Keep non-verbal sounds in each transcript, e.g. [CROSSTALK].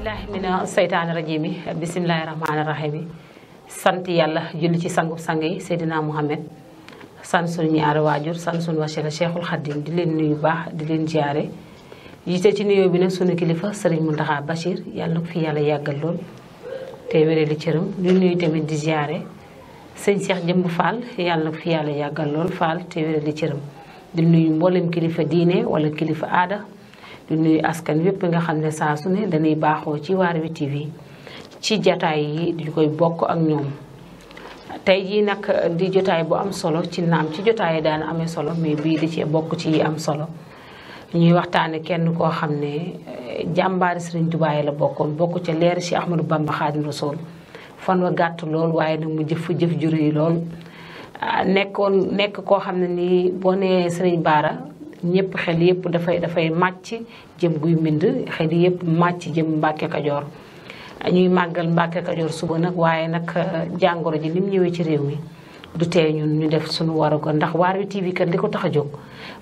billahi mina seytaani rajim yi bisimilahi rahmaani rahim yi sant yàlla julli ci sangu sang yi Seydina Muhammad sant suñu ñaari waajur sant suñu wasila Cheikhul Khadim di leen nuyu baax di leen jaare jiite ci nuyoo bi nag sunu kilifa Serigne Mountakha Bachir yàlla na ko fi yàlla yàggal lool te wéree li cëram di nuyu tamit di jaare sëñ Cheikh Jëmb Fall yàlla na ko fi yàggal lool Fall te wéree li cëram di nuyu mboolem kilifa diine wala kilifa aada di askan yépp nga xam ne saa su ne dañuy baaxoo ci waar wi TV ci jataay yi di koy bokk ak ñoom tey jii nag di jotaay bu am solo ci naam ci jotaay yi daana amee solo mais bii di ci bokk ci yi am solo ñuy waxtaane kenn koo xam ne eh, jàmbaari Sëriñ Tuubaa yi la bokkoon bokk ca leer ci Ahmadou Bamba Xaadimu Rasuul fan wa gàtt lool waaye nag mu jëf fa jëf ju rëy lool ah, nekkoon nekk koo xam ne nii boo nee Sëriñ Baara ñëpp xel yëpp dafay dafay màcc jëm guy mbind xel yëpp màcc jëm Mbàkke Kajoor ñuy màggal Mbàkke Kajoor suba nag waaye nag euh, jàngoro ji lim ñëwee ci réew mi du tee ñun ñu def suñu warugar ndax Waarwi TV kat li ko tax a jóg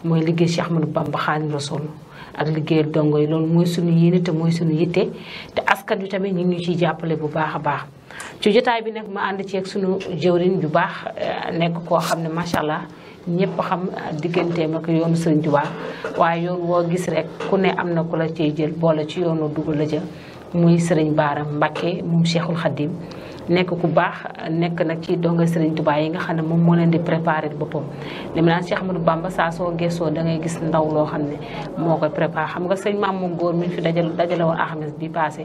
mooy liggéey Cheikh Ahmadou Bamba Xaadimu Rasuul ak liggéeyal dongo yi loolu mooy suñu yéene mooy suñu yitte te askan wi tamit ñu ngi ñu ciy jàppale bu baax a baax ci jotaay bi nag ma ànd ci ak suñu jëwriñ bu baax euh, nekk koo xam ne macha allah ñëpp xam digganteem ak yoonu Sëriñ Tuubaa waaye yoon woo gis rek ku ne am na ku la cay jël boole ci yoonu dugal la ca muy Sëriñ Baara Mbàkke moom Cheikhul Khadim nekk ku baax nekk nag ci donga Serigne Touba yi nga xam ne moom moo leen di préparé boppam li ma naan Cheikh Ahmadou Bamba saa soo gëstoo da ngay gis ndaw loo xam ne moo koy préparé xam nga sëñ maam mu góor mi fi dajal dajale woon alxames bi wax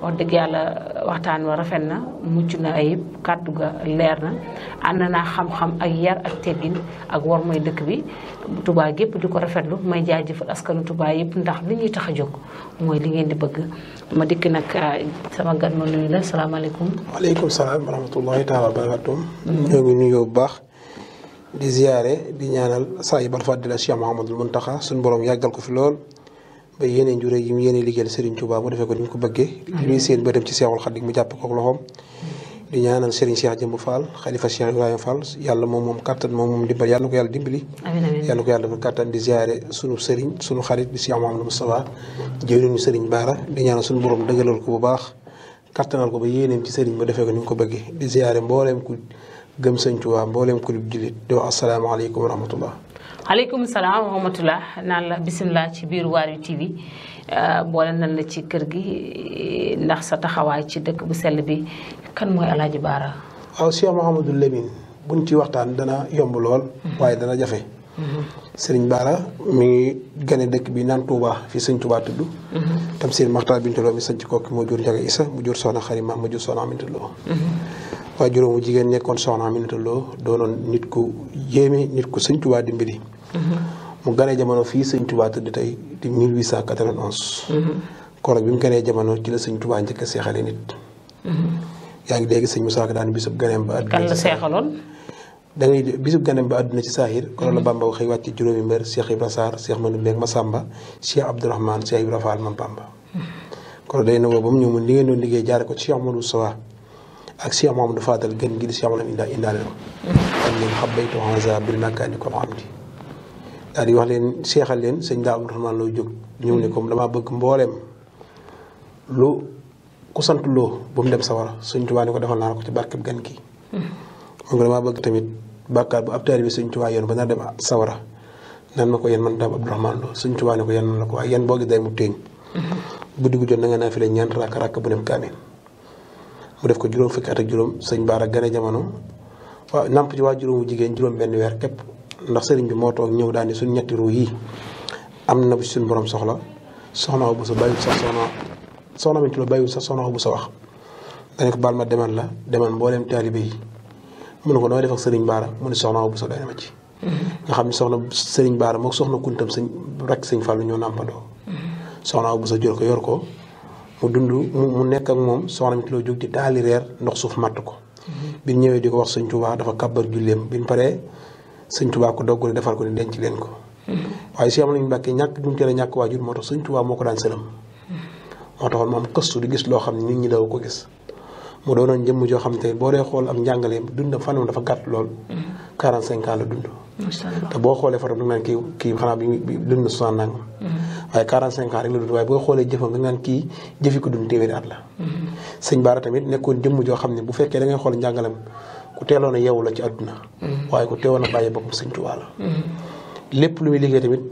dëgg yàlla waxtaan wa rafet na mucc na ayib kàddu ga leer na ànd naa xam-xam ak yar ak teggin ak war mooy dëkk bi Touba gépp di ko rafetlu may jaajëfal askanu Touba yëpp ndax li ñuy tax a jóg mooy li ngeen di bëgg ma dikk nag sama gan ma nuyu la salaamaaleykum aleykum salaam wa rahmatullahi taala wa barakaatu ñoo ngi nuyoo bu baax di ziyaare di la saahibal fadila Cheikh Mouhamadul Muntaxa suñu borom yàggal ko fi lool ba yéene njure yi mu yéene liggéeyal Serigne mu defee ko ni mu li muy seen bëtam ci Seexul Xadiim mu jàpp ko ak loxoom di ñaanal Serigne Cheikh Jëmb Fall xalifa Cheikh Ibrahima Fall yàlla moom moom kattan moom moom dimbal yàlla na ko yàlla dimbali yàlla na ko yàlla dafa kattan di ziyaare sunu Serigne sunu xarit di Cheikh Mouhamadou Moustapha jëwriñu Serigne Baara di ñaanal suñu borom dëggalal ko bu baax kattanal ko ba yéeneem ci sëriñ ba defee ko ni mu ko bëggee di ziyaare mbooleem ku gëm sëñ Tuubaa mbooleem ku dib jullit di wax asalaamaaleykum wa rahmatullah aleykum salaam wa rahmatullah naan la bisimilah ci biir Waarwi TV euh, boole nan la ci kër gi ndax sa taxawaay ci dëkk bu sell bi kan mooy Alaaji Baara waaw Cheikh Mouhamadou Lamine buñ ci waxtaan dana yomb lool mm-hmm. waaye dana jafe sëriñ Baara mi ngi gane dëkk bi naan Touba fii sëñ Touba tudd. tam sëriñ Maxtaar Bintu Lo mi sanc kooku moo jur Njaga Isa mu jur Soxna Xarima mu jur Soxna Aminta Lo. waaye juróomu jigéen nekkoon Soxna Aminta Lo doonoon nit ku yéeme nit ku sëñ Touba di mbiri. mu gane jamono fii sëñ Touba tudd tey di 1891. koroog bi mu ganee jamono ci a mhm. ngi dégg sëñ Moussa Ka ganeem ba. kan la seexaloon. da ngay bisub ganam bi àdduna ci saahir kon mm-hmm. la Bamba waxee wàcc juróomi mbër Cheikh Ibra Sarr Cheikh Manu Mbeg Masamba Cheikh Abdourahmane Cheikh Ibra Fall Mam Bamba kon mm-hmm. day na woo ba mu ñëw mun li ngeen liggéey jaare ko Cheikh Mamadou Sawa ak Cheikh Mamadou Fadal gën gi di Cheikh Mamadou ko mm-hmm. am leen xabbaytu hansa ko am di daal di wax leen seexal leen sëñ daa Abdourahmane loo jóg ñëw ne comme damaa bëgg mbooleem lu sant loo bu mu dem sawara sëñ ko defal naa ko ci barkeb gan gi mu ko damaa bëgg tamit bàkkaar bu ab taalibe bi Sëñ Tuubaa ba nar dem sawara nan ma ko yan man daam Abdourahmane Lo Sëñ Tuubaa ne ko yéen man la ko waaye yéen boo gis day mu téeñ mm-hmm. bu diggu jot na nga naa fi la ñaan rakk rakk bu dem kaamil mu ko juróom fukki at ak juróom sëñ Baara gane jamono waaw namp ci waa benn weer képp ndax sëriñ moo toog ñëw daal ni suñ ñetti ruu yi am na bu suñ borom soxla soxna bu sa bàyyiwul sax soxna soxna mi ci bu sa wax dañ ko baal ma demal la demal mbooleem taalibe yi mu ne ko nooy def ak sëriñ baara mu ne soxna Awa Bousso doy na ma ci nga xam ne soxna sëriñ baara mook soxna kuntam bu rek sëñ Fallou ko yor ko mu dund mu nekk ak moom soxna mi loo jóg di daali reer ndox suuf matt ko bi ñëwee di ko wax sëñ Touba dafa kàbbar julleem bi mu paree sëñ Touba ko doggale defar ko ni denc ko waaye si am nañu mbàkke ñàkk dumu teel a ñàkk waajur moo tax sëñ Touba moo ko daan sëlam moo taxoon këstu di gis loo xam ne nit daw ko gis mu doonoon jëmm joo xam te boo dee xool am njàngaleem dund fanam dafa gàtt lool. 45 ans boo xoolee fanam da nga naan bi bi dund na 60 nangam. Mm-hmm. boo xoolee jëfam da nga naan kii jëfi ko dund téeméeri mm-hmm. tamit nekkoon jëmm joo xam ne bu fekkee da ngay xool njàngaleem ku teeloon a yeewu la ci àdduna. Mm-hmm. waaye ku teewoon a bàyyi boppam sëñ Tuubaa la. lépp lu muy liggéey tamit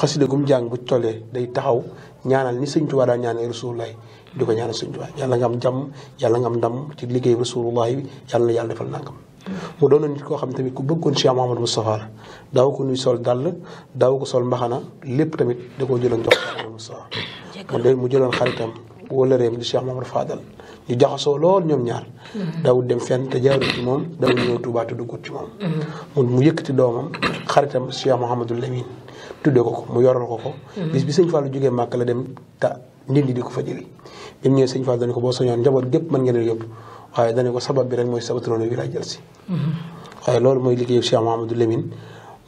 xasida gum jàng bu tollee day taxaw ñaanal ni sëñ Tuubaa daa ñaanal Rasulullaay di ko ñaanal sëñ Tuubaa yàlla nga am jàmm yàlla nga am ndam ci liggéey rasulullah bi yàlla yàlla defal nangam mu doon nit koo xam tamit ku bëggoon Cheikh Mouhamadou Moustapha la daaw ko da koo jëloon jox Mouhamadou Moustapha mu de mu jëloon xaritam wóolareem di Cheikh Mouhamadou Fadal ñu jaxasoo lool ñoom ñaar mm-hmm. daawul dem fenn te jaarul ci moom daawul ñëw Tuubaa te duggut ci moom mm-hmm. mun mu yëkkati doomam xaritam Cheikh Mouhamadou Lamine tuddee ko ko mu yoral ko ko mm-hmm. bis bi sëñ Fallou jógee màkk dem ta ndindi di ko fa jëli bi mu ñëwee sëñ Fall dañu ko boo soñoon njaboot gépp mën ngeen a yóbbu waaye dañu ko sabab bi rek mooy sabab turandoo bi laay jël mm-hmm. waaye loolu mooy liggéeyu Cheikh Mouhamadou Lamine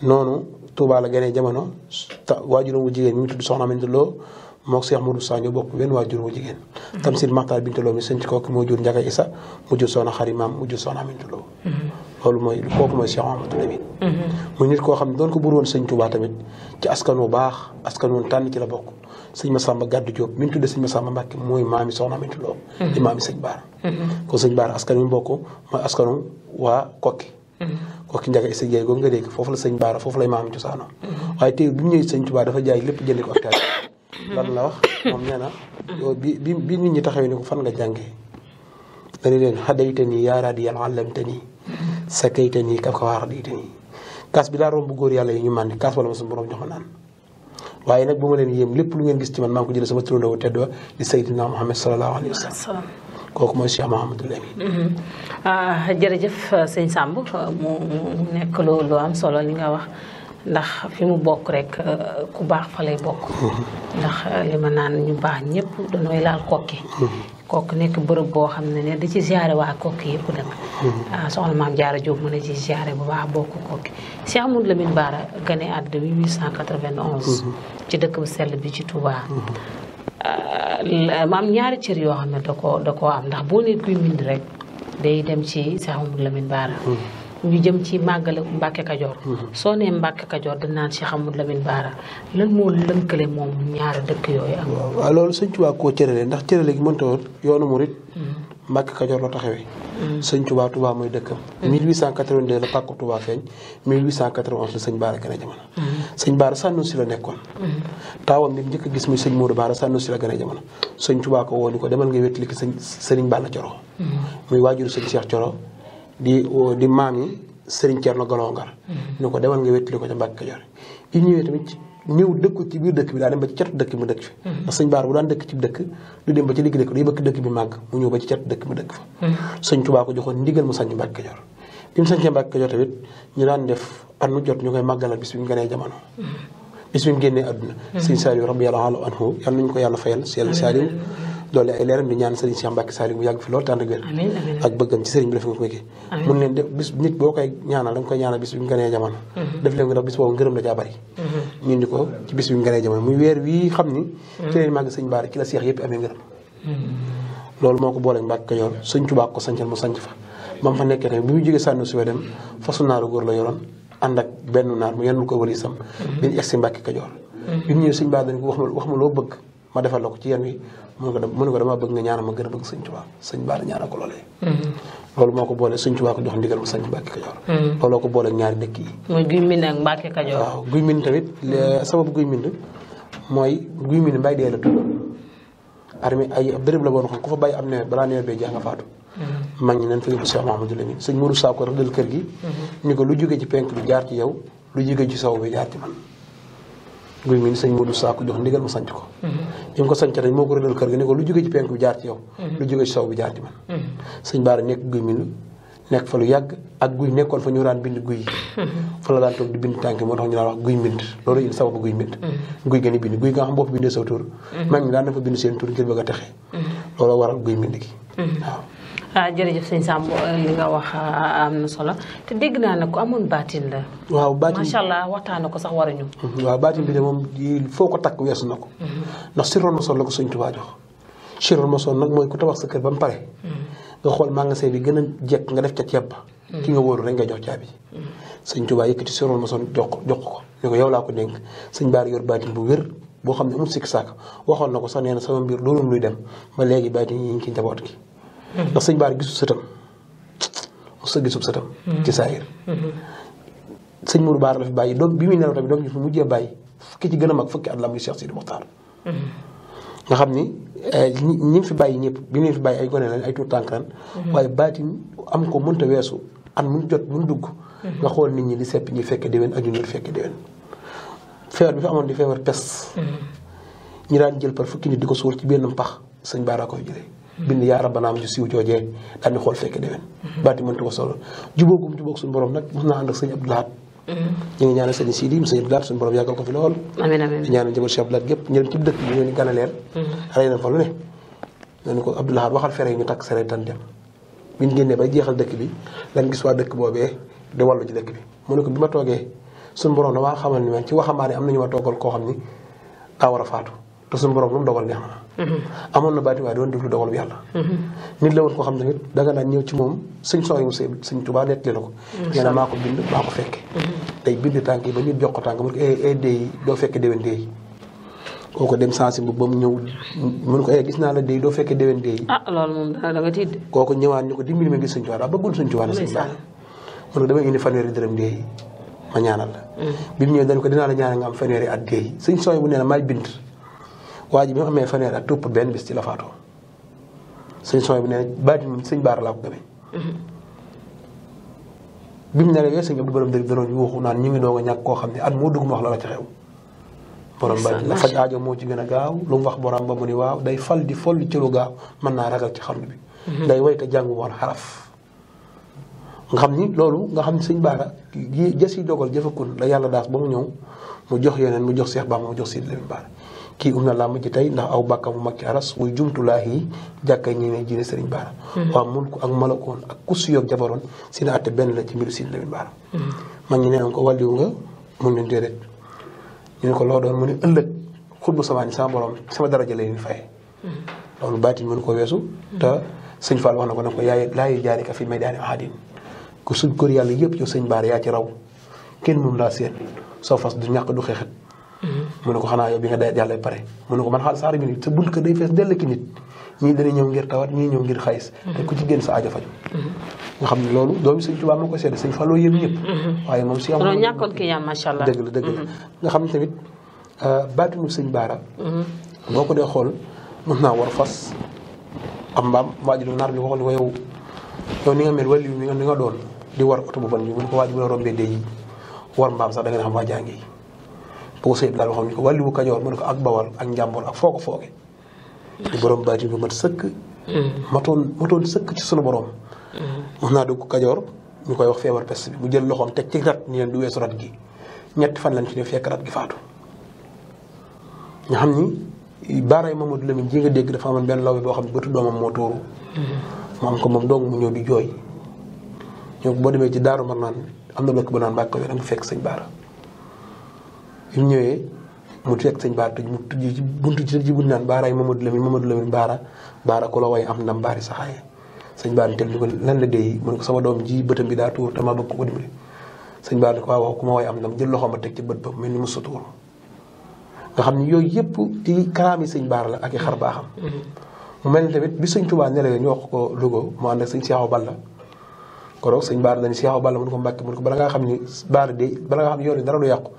noonu Touba la gënee jamono ta waajuram wu jigéen mi tudd Soxna Aminta Lo moog Cheikh Sa ñoo bokk benn waajur wu jigéen. Mm-hmm. Tamsir Maxtaar Binta Lo mi sëñ ci kooku moo jur Njaga Isa mu jur Soxna Xari Maam mu jur Soxna Aminta Lo mm-hmm. loolu mooy kooku mooy Cheikh Ahmadou Lamine muy ko buur woon sëñ Touba tamit ci askan wu baax askan woon tànn ci la bokk sëñ Massamba Gaddu Diop mi ñu tuddee sëñ Massamba Mbàkke mooy maami soxna Amintu Lo mm-hmm. di maami sëñ Baara mm-hmm. kon sëñ Baara askan wi bokk mooy askanu waa Kokki mm-hmm. Kokki njaga isa jaay googu nga dégg foofu la sëñ Baara foofu lay maami cosaanoo waaye tey bi mu ñëwee sëñ Touba dafa jaay lépp jënd ko ak taal lan la wax moom nee na bi bi bi nit ñi taxawee ne ko fan nga jàngee dani nii yaaraadi yàlla sa kayita kaf ka waaxal diita nii kaas bi daa romb góor yàlla yi ñu màndi kaas wala ma suñu borom jox ma naan waaye nag bu ma leen yéem lépp lu ngeen gis ci man maa ngi ko jëlee sama turandoo tedd wa di Seydina Muhammad sallallahu alayhi wa sallam kooku mooy Cheikh Mouhamadul Amin. Mm-hmm. Ah, mu am solo li nga wax. ndax fi mu bokk rek euh, ku baax fa lay bokk. [LAUGHS] ndax euh, li ma naan ñu baax ñëpp danooy laal kokki [LAUGHS] kokki nekk bërëb boo xam ne ne da ci ziare waa kokki yëpp nag. [LAUGHS] Ah, soxna maam Diarra Diop mën a ci ziare bu baax bokk kokki Cheikh Amadou Lamine Bara gane at 1891. ci dëkk bu sell bi ci Touba. Euh, ma ñaari cër yoo xam ne da ko da koo am ndax boo nee kuy mbind rek day dem ci Cheikh Amadou Lamine Bara. ñu jëm ci màggal Mbàkke Kajoor mhm. soo nee Mbàkke Kajoor dañ naan Cheikh Amadou Lamine Bara lan moo lënkale moom ñaari dëkk yooyu ak moom waaw loolu sëñ Tuubaa koo cërale ndax cërale gi mënta woon yoonu murit mhm. Mbàkke Kajoor la taxawee mhm. sëñ Tuubaa Tuubaa mooy dëkkam 1882 la pàkku Tuubaa feeñ 1891 la sëñ Bara gën a jamono sëñ Bara Sanusi la nekkoon taawam bi njëkk a gis muy sëñ Modou Bara Sanusi la gën a jamono sëñ Tuubaa ko woo demal ngay wéttali ki sëñ sëriñ di di maam yi Serigne Thierno Galongal. ñu mm-hmm. ko demal nga wétali ko ca Mbàkke Kajoor bi ñëwee tamit ñëw dëkku ci biir dëkk bi daa dem ba ci catu dëkk bi dëkk mm-hmm. dëkk ci dëkk dem ba ci digg dëkk day bëkk dëkk bi màgg mu ñëw ba ci catu dëkk bi dëkk fa mm-hmm. sëñ Tuubaa joxoon ndigal mu sànc Mbàkke Kajoor bi mu sàncee Mbàkke Kajoor tamit ñu daan def at mu jot ñu koy màggalal bis bi mu gënee a bis bi mu génnee àdduna sëñ Saliou rabbi yàlla anhu yàlla nañu ko yàlla fayal sëñ Saliou doole ay leeram di ñaan sëriñ Cheikh Mbacke Saliou mu yàgg fi lool tànd gër ak bëggam ci sëriñ bi def nga ko ki mun leen def bis nit boo koy ñaanal da nga koy ñaanal bis bi mu gënee jamono mhm. def leen ko ndax bis boobu ngërëm la caa bari mhm. ñun di ko mu gënee jamono mhm. la seex yëpp ba mu fa nekkee tamit bi mu jógee sànni suba dem fasu naaru góor la yoroon ànd ak benn naar mu yenn ko wëli sam bi ñu egsi Mbacke Kajoor bi ñëw sëñ Baara dañ ko wax ma loo bëgg ma defal la ko ci yenn wi mu ne ko damaa bëgg nga ñaanal ma gën a bëgg sëñ Tuubaa sëñ Bara ñaanal ko loolee. Mm-hmm. loolu moo ko boole sëñ Tuubaa ko jox ndigal mu sëñ Mbàkke Kajoor. Mm-hmm. looloo ko boole ñaari dëkk yi. muy Guy Mbind ak Mbàkke Kajoor. waaw Guy Mbind tamit mm-hmm. sababu Guy Mbind mooy Guy Mbind mbay dee la tudd. armée ay béréb la boo xam ku fa bàyyi am kër gi. ñu ko lu jóge ci penk bi jaar ci yow lu jóge ci sow bi jaar ci man guy mi sëñ Modou Sakho jox ndigal ma sanc ko mhm. bi mu ko sanc dañ moo ko rëddal kër ga ni ko lu jóge ci penk bi jaar ci yow mhm. lu jóge ci sow bi jaar ci man mhm. sëñ Baara nekk guy mi nekk fa lu yàgg ak guy nekkoon fa ñu daan bind guy yi fa la bind guy mbind a xam boo fa bindee sa tur mag ñi daan na fa bind seen tur ngir bëgg a texe loolu waral guy mbind gi waaw Ah, jërëjëf sëñ Samb li nga wax ah, am na solo te naa ne ko amoon baatin a waaw baatin macha allah waxtaane ko sax waruñu. Mhm, waaw baatin bi de moom foo ko takk weesu na ko. Mhm. ndax siroon ma sol la ko sëñ Tuubaa jox. siroon ma sol nag mooy ku sa kër ba mu pare. Mhm. nga xool magasin a jekk nga def ca ceeb ba. ki nga wóoru rek nga jox caabi. sëñ Tuubaa yëkkati siroon ma sol jox ko jox ko ne ko yow laa ko dénk bu wér. boo xam ne amul sikk sàkk waxoon na ko sax nee na sama mbir loolu luy dem ba léegi bàyyi ñu ngi ci njaboot ndax sëñ Bara gisul sëtam sa gisub sëtam mm-hmm. ci saayir mm-hmm. sëñ Mourou Bara la fi bàyyi doom bi muy nelaw tamit doom ñu fi mujjee bàyyi fukki ci gën a mag fukki at la mm-hmm. ni eh, ñi fi bàyyi ñëpp bi ñu fi bàyyi ay gone lañ ay tuur tànk lañ waaye baatin am ko mënta weesu an mun jot mun dugg nga xool nit ñi di sepp ñi fekke déwén ak ñu ñëw fekke déwén feebar bi fi amoon di feebar pes ñu daan jël par fukki nit di ko suul ci benn pax sëñ Bara ko fi jëlee bind yaa rabbana am ju siiw joojee daal di xool fekk déwén baati mënta ko solo jubóogum jubóog suñu borom nag mos naa ànd ak sëñ Abdou Lahad ñu ngi ko fi lool amiin amiin di ñaanal na mm-hmm. ñu takk sere tan dem bi ñu génnee bay jeexal bi lan gis waa dëkk boobee di wàllu ci bi mu ne ko bi ma toogee suñu borom damaa ni man ci waxambaane am nañu ma toogal koo xam ni daa war a faatu te suñu borom lu mu dogal neex na Mm-hmm. amoon na baati waaye doon déglu dogalu yàlla. Mm-hmm. nit la woon koo xam ne nit danga naan ñëw ci moom sëñ sooy mu sëñ Tuubaa nettali la mm-hmm. eh, eh, bu ba mu ñëw eh, ah, da nga tiit. kooku ñëwaan ñu ko dimbali ma gis sëñ Tuubaa daa bëggul sëñ Tuubaa ne sëñ Tuubaa mun ko damay indi fanweeri dërëm déy ma ñaanal la. bi mu ñëwee dañ ko dinaa la ñaanal nga am fanweeri at déy sëñ sooy bu nee na bind waa ji bi mu amee fanweeri ak topp benn bis ci la faatoo sëñ sooy bi nee baati moom sëñ baara laa ko gëmee. bi mu nelawee naan ñu ngi doog a ñàkk koo xam ne at moo mu wax la la ci xew. borom baati la faj moo ci gën a gaaw lu mu wax borom ba mu ni waaw day fal di fol ci lu gaaw mën naa ragal ci xarnu bi. Mhm. day way te jàngu woon xaraf. nga xam ni loolu nga xam ni sëñ Baara yi jës yi dogal jëfakun la yàlla daas ba mu ñëw mu jox yeneen mu jox Seex Bamba mu jox Sidi Lamine Baara kii um na làmb ji tey ndax aw bàkkam bu mag ci aras wuy jumtulaahi jàkka ñi ne jiine sëriñ baara mm-hmm. waaw mun ko ak malakoon ak kusu yoog jabaroon si na atte benn la ci mbiru siin lamin baara mm-hmm. mag ñi neen ko wàlliwu nga mun leen déedéet ñu ne ko loo doon mu ne ëllëg xutbu samaani sama borom sama daraja la leen faye mm-hmm. loolu baatin mënu ko weesu te sëñ Fall wax na ko ne ko yaay laayi jaarika fi may daani ahadin ko suñ kër yàlla yëpp yow sëñ baara yaa ci raw kenn mënu laa seen soo fas mu ne bi nga day yàlla pare mu ne ko man xaal saari mi nii sa bunt kër day fees mm-hmm. sa aajo faju nga xam ne loolu doomi sëñ Tuubaa moo ko seede sëñ Fallou yëm ñëpp mm-hmm. waaye moom si amoon ñàkkoon ki yam macha mm-hmm. tamit euh, baatinu sëñ Baara boo ko dee xool mën naa war fas am mbaam waajulu naar bi waxoon ni ko yow ni nga mel wàllu ni nga doon di war oto bu ban bi mu ne ko waaj bu la rombee dee yi war mbaam sax da nga xam waa jàngi bu ko sëñ Ibrahima waxoon ñu ko wàllu bu Kajoor ak Bawal ak Njàmbur ak foo ko fooge. di borom baati bu mat sëkk. Mm. sëkk sunu borom. mën mm. naa dugg Kajoor ñu koy wax feebar pest bi mu jël loxoom te ci rat ni leen du gi ñetti fan lañ ci fekk rat gi faatu. xam ni baaraay Mamadou Lamine ji nga dégg dafa amoon boo xam ne bëtu doomam moo tuuru. Mm. moom dong mu ñëw di jooy. ñoo boo demee ci Daaru Marnaan am na lëkk bu naan mbàkk fekk sëñ Baara. bi mu ñëwee mu teg sëñ Baara tëj mu tëj ci buntu ci ci buntu naan baaraay Mamadou Lamine Mamadou Lamine Baara Baara ku la way am ndam baari saxaaye sëñ Baara itam ni ko la dee mu ne ko sama bi daa tuur te maa bëgg ko dimbali sëñ Baara ne ko waaw wax ku ma way am ndam jël loxo ma teg ci bët ba ni mu sutuur nga xam ni yooyu yëpp sëñ Baara la ak i baaxam. Mm-hmm. mu mel bi sëñ Touba nelawee ñu wax ko Louga mu ànd ak sëñ Seexu Balla koroog sëñ Baara dañu Seexu Balla mu ne ko Mbàkke ne ko bala ngaa xam ni Baara de bala nga xam ni yoon dara lu yàqu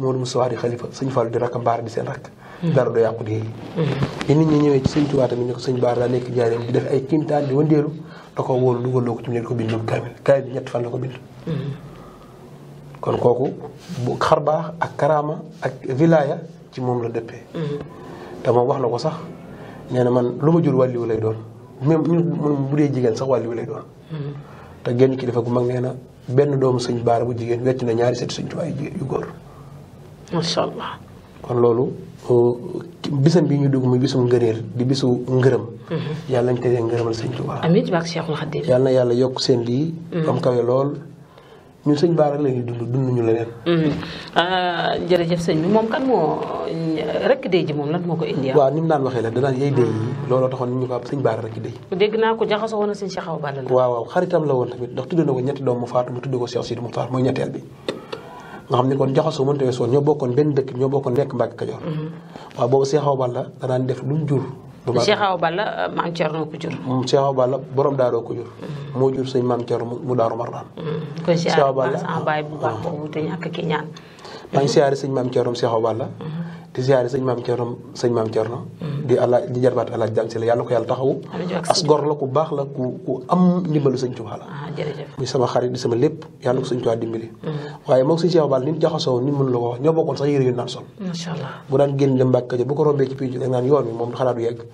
Modou Moussa di xalifa sëñ Fallou di rakk mbaar di seen rakk. Mm-hmm. dara doo yàqu liggéey mm-hmm. bi nit ñi ñëwee ci sëñ Tuubaa tamit ne ko sëñ Baar daa nekk jaareem di def ay kiimtaan di ko wóolu mm-hmm. bu xar baax ak karaama ak wilaaya ci moom la dëppee te moom wax na ko sax nee na man lu ma jur wàlliwu lay doon même ñun bu dee jigéen sax wàlliwu lay doon te genn kilifa gu na benn doomu sëñ Baar bu jigéen wecc na ñaari seeti yu góor macha allah. kon loolu bisam bi ñu dugg muy bisu ngëneel di bisu ngërëm. Mhm. yàlla nañu tegee ngërëmal sëñ Tuubaa. amiin ci baax Cheikhul yàlla na yàlla yokk seen lii. am mhm. kawe lool. ñun sëñ Ba la ñuy dund dund ñu leneen. Mhm. Ah, jërëjëf sëñ bi moom kan moo rek dëj ji moom lan moo ko indi. Ah? waaw ni mu daan waxee la danaan yey dëj yi looloo taxoon ñu ko ab sëñ Ba rek ci dégg naa ko jaxasoo woon na sëñ Cheikh Awa Balla la. waaw waaw xaritam la woon tamit ndax tudd na ko ñetti doom mu faatu mu tudd ko Cheikh Sidi Moukhtar mooy ñetteel bi nga xam ne kon jaxasoo mënta weesoo ñoo bokkoon benn dëkk ñoo bokkoon nekk Mbàkke Kajoor. Mhm. waaw boobu Cheikh Awa Balla danaan def lu mu jur. du ma Cheikh Awa Balla euh, maam Thierno ko jur. Cheikh Awa Balla borom daaroo ko jur. Mhm. moo jur sëñ maam Thierno mu daaru Marnaan. Mhm. kon Cheikh Awa Balla maam Thierno Cheikh Balla di ziare sëñ maam Thierno sëñ maam Thierno. Mm-hmm. di ala di jarbaat alaaj jàmm si la yàlla ko yàlla taxawu. as gor la ku baax la ku ku am ndimbalu sëñ Tuubaa la. Ah, muy sama xarit di sama lépp yàlla ko sëñ Tuubaa dimbali. Mm-hmm. waaye moom sëñ Cheikh Baal ni mu jaxasoo ni mu mën la ko wax ñoo bokkoon sax yére yu naan sol. yegg.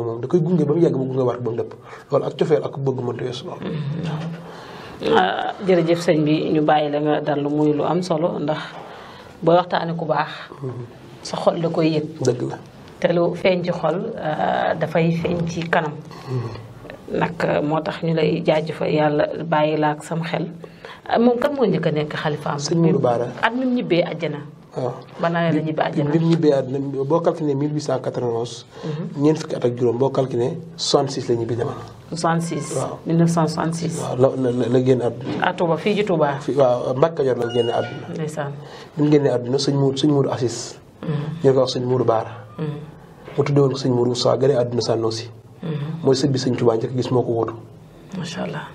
mu gunge war ba mu dëpp loolu ak cofeel ak bëgg mënta weesu loolu. Mm-hmm. Ah, jërëjëf sëñ bi ñu bàyyi la nga dal muy lu am solo ndax booy waxtaanee ku baax. sa xol da koy yëg. dëgg la te lu feeñ ci xol euh, dafay feeñ ci kanam. nag euh, moo tax ñu lay jaajëfal yàlla bàyyi la ak sam xel euh, moom kan moo njëkk a nekk xalifaam. sëñ Mourou Baara at mi ñibbee àjjana. waaw ah. ban année la ñibbi àjjana bi mu ñibbee àdduna boo calculé 1891. Mhm. ñeent fukki at ak juróom boo calculé 66 la ñibbi demal. 66 waaw 1966. waaw la la la génn àdduna. à Touba fii ji Touba. fii waaw Mbacke Kajoor bi mu génnee àdduna sëñ Mour sëñ Mour Assis. Mhm. ñu ko wax sëñ Mour Baara. Mhm. mu tuddee woon ko sëñ Mour Moussa gane àdduna Sànnoosi. mooy sët bi sëñ Touba njëkk gis moo ko wóotu. macha allah.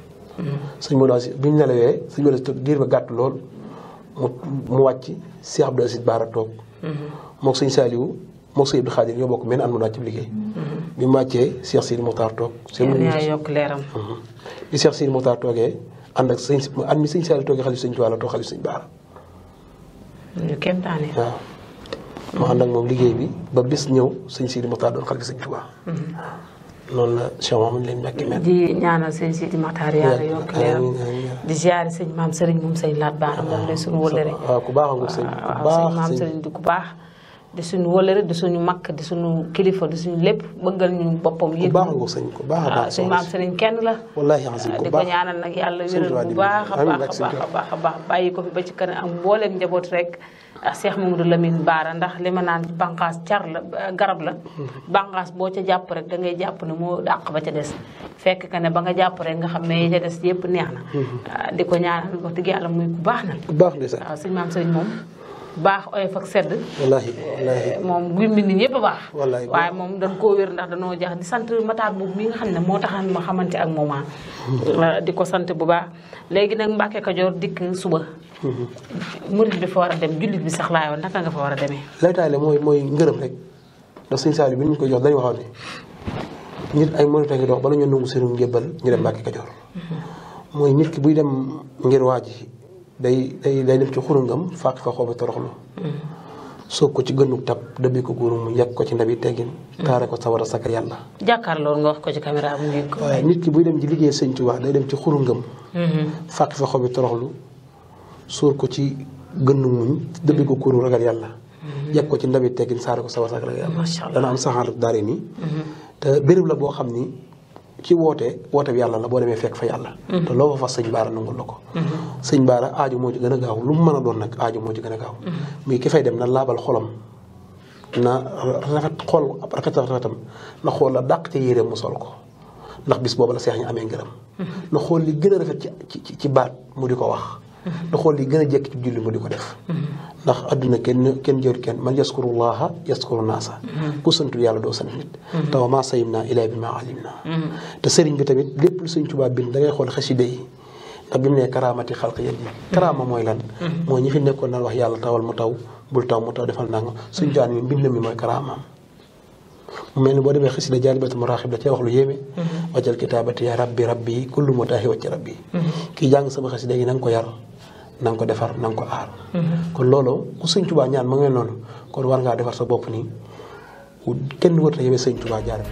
sëñ Mour Assis bi ñu nelawee sëñ Mour diir ba gàtt lool. mu mu wàcc Cheikh Abdou Aziz Baara toog. Mm-hmm. moog sëñ Saliou moog sëñ Abdou Khadir ñoo bokk mel am na wàcc liggéey. Mm-hmm. bi toog. seen yaa yokk leeram. Mm-hmm. bi Cheikh Sidi Mokhtar toogee ànd ak sëñ at liggéey bi ba bis ñëw sëñ Sidi Mokhtar doon xalifa sëñ Tuubaa. loolu la Cheikh Mouhamadou Lamine Mbacké mel. di ñaanal sëñ Sidi Maxtaar yàlla yokk leeram di ziare sëñ maam Serigne moom sëñ Laat Baara moom lay ah, sunu wëllëre. Ah, ah, waaw ku a ku baax waaw sëñ maam di ku baax. di suñu wëlëre suñu makk di suñu kilifa di suñu lépp bëggal ñu boppam yëpp baax nga sëñ a baax ah, maam sëriñ kenn la wallaahi xasin ah, ko baax ñaanal nag yàlla wéral bu baax a baax a baax a baax a baax bàyyi ko fi ba ci kanam ak rek ak ah, Cheikh Mamadou Lamine Baara ndax li ma naan bànqaas car la garab la mhm. bànqaas boo ca jàpp rek da ngay jàpp ne moo dàq ba ca des fekk ka ne ba nga jàpp rek nga xam ne yi des yëpp neex na mhm. di ko ñaanal wax dëgg yàlla muy ku baax na waaw suñu maam sëriñ moom baax oyof ak sedd. wallaahi wallaahi eh, moom guy mbind ñëpp a baax. wallaahi waaye moom dañ koo wér ndax danoo jax di sant mataar boobu mi nga xam ne moo taxaan ma xamante ak moom ah. mm-hmm. eh, di ko sant bu baax léegi nag Mbàkke Kajoor dikk suba. Mm-hmm. murit bi fa war a dem bi sax laay woon naka nga fa war a demee. lay taale mooy mooy ngërëm rek ndax sëñ Saliou bi ñu ko jox dañu wax ne nit a ngi dox bala ñu ñu dem Mbàkke Kajoor mm-hmm. mooy nit ki buy dem ngir waaji day day day dem ci xurungam fàq fa xoobu toroxlu mm-hmm. soog ko ci gënug tab dabi ko góorum mu yàq ko ci ndabi teggin mm-hmm. taare ko sawar a sakka yàlla jàkkaarloo nga wax ko ci caméra mu ngi ko waaye nit ki buy dem ci liggéey sëñ Tuubaa day dem ci mm-hmm. ci gënnu muñ dabi ko ko ci ndabi teggin saare ko sawar a sakka yàlla dana am saxaar daare nii te béréb la boo xam ni ki woote woote bi yàlla la boo demee fekk fa yàlla mhm. te loo fa fas sëñ baara nangul la ko mhm. sëñ baara aajo moo ci gën a gaaw lu mu mën a doon nag aajo moo ci gën a gaaw mhm. muy ki fay dem na laabal xolam na rafet xool rafet rafetam na xool la dàq ca yére mu sol ko ndax bis boobu la seex ñu amee ngërëm na xool li gën a rafet ci ci ci baat mu di ko wax na xool li gën a jekk ci julli mu di ko def ndax adduna kenn kenn jor kenn man yaskurullaha yaskuru naasa ku santul yàlla doo sant nit tawa maa sayim naa ilaa bi maa alim naa te sëriñ bi tamit lépp lu sëñ Tuubaa bind da ngay xool xasida yi ndax bi mu ne karaamati xalq yëpp karaama mooy lan mooy ñi fi nekkoon naan wax yàlla tawal mu taw bul taw mu taw defal naa nga suñ jaan mi mbind mi mooy karaamaam mu mel ni boo demee xasida jaalibatu maraaxib da cee wax lu yéeme mm-hmm. wàccal kitaabati ya rabbi rabbi rabbi mm-hmm. kii jàng sama xasida gi na ko yar na nga ko defar na ko aar mm-hmm. kon loolu ku sëñ Tuubaa ñaan ma ngeen noonu kon war ngaa defar sa bopp nii kenn wër ta yéeme sëñ Tuubaa jaar